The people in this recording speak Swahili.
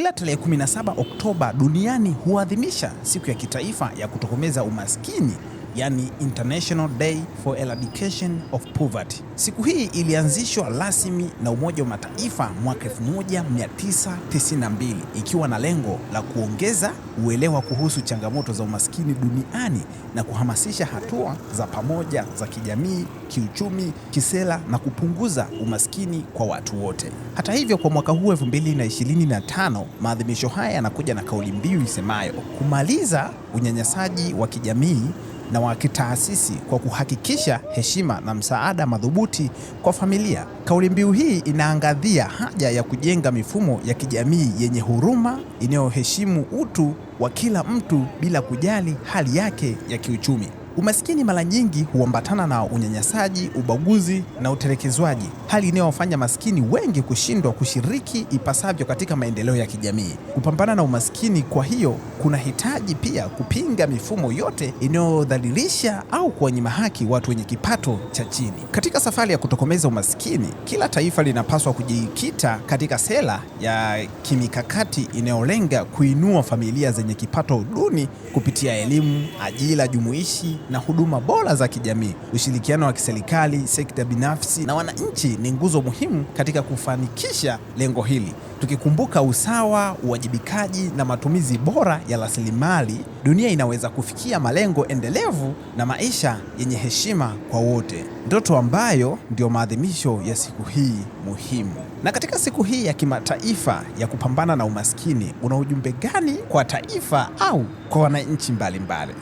Kila tarehe 17 Oktoba duniani huadhimisha siku ya kitaifa ya kutokomeza umaskini yani International Day for Eradication of Poverty. Siku hii ilianzishwa rasmi na Umoja wa Mataifa mwaka 1992 ikiwa na lengo la kuongeza uelewa kuhusu changamoto za umaskini duniani na kuhamasisha hatua za pamoja za kijamii, kiuchumi, kisera na kupunguza umaskini kwa watu wote. Hata hivyo, kwa mwaka huu 2025 maadhimisho haya yanakuja na kauli mbiu isemayo kumaliza unyanyasaji wa kijamii na wa kitaasisi kwa kuhakikisha heshima na msaada madhubuti kwa familia. Kauli mbiu hii inaangazia haja ya kujenga mifumo ya kijamii yenye huruma, inayoheshimu utu wa kila mtu bila kujali hali yake ya kiuchumi. Umaskini mara nyingi huambatana na unyanyasaji, ubaguzi na utelekezwaji, hali inayowafanya maskini wengi kushindwa kushiriki ipasavyo katika maendeleo ya kijamii. Kupambana na umaskini, kwa hiyo, kuna hitaji pia kupinga mifumo yote inayodhalilisha au kuwanyima haki watu wenye kipato cha chini. Katika safari ya kutokomeza umaskini, kila taifa linapaswa kujikita katika sera ya kimikakati inayolenga kuinua familia zenye kipato duni kupitia elimu, ajira jumuishi na huduma bora za kijamii. Ushirikiano wa kiserikali, sekta binafsi na wananchi ni nguzo muhimu katika kufanikisha lengo hili, tukikumbuka usawa, uwajibikaji na matumizi bora ya rasilimali, dunia inaweza kufikia malengo endelevu na maisha yenye heshima kwa wote, ndoto ambayo ndio maadhimisho ya siku hii muhimu. Na katika siku hii ya kimataifa ya kupambana na umaskini, una ujumbe gani kwa taifa au kwa wananchi mbalimbali?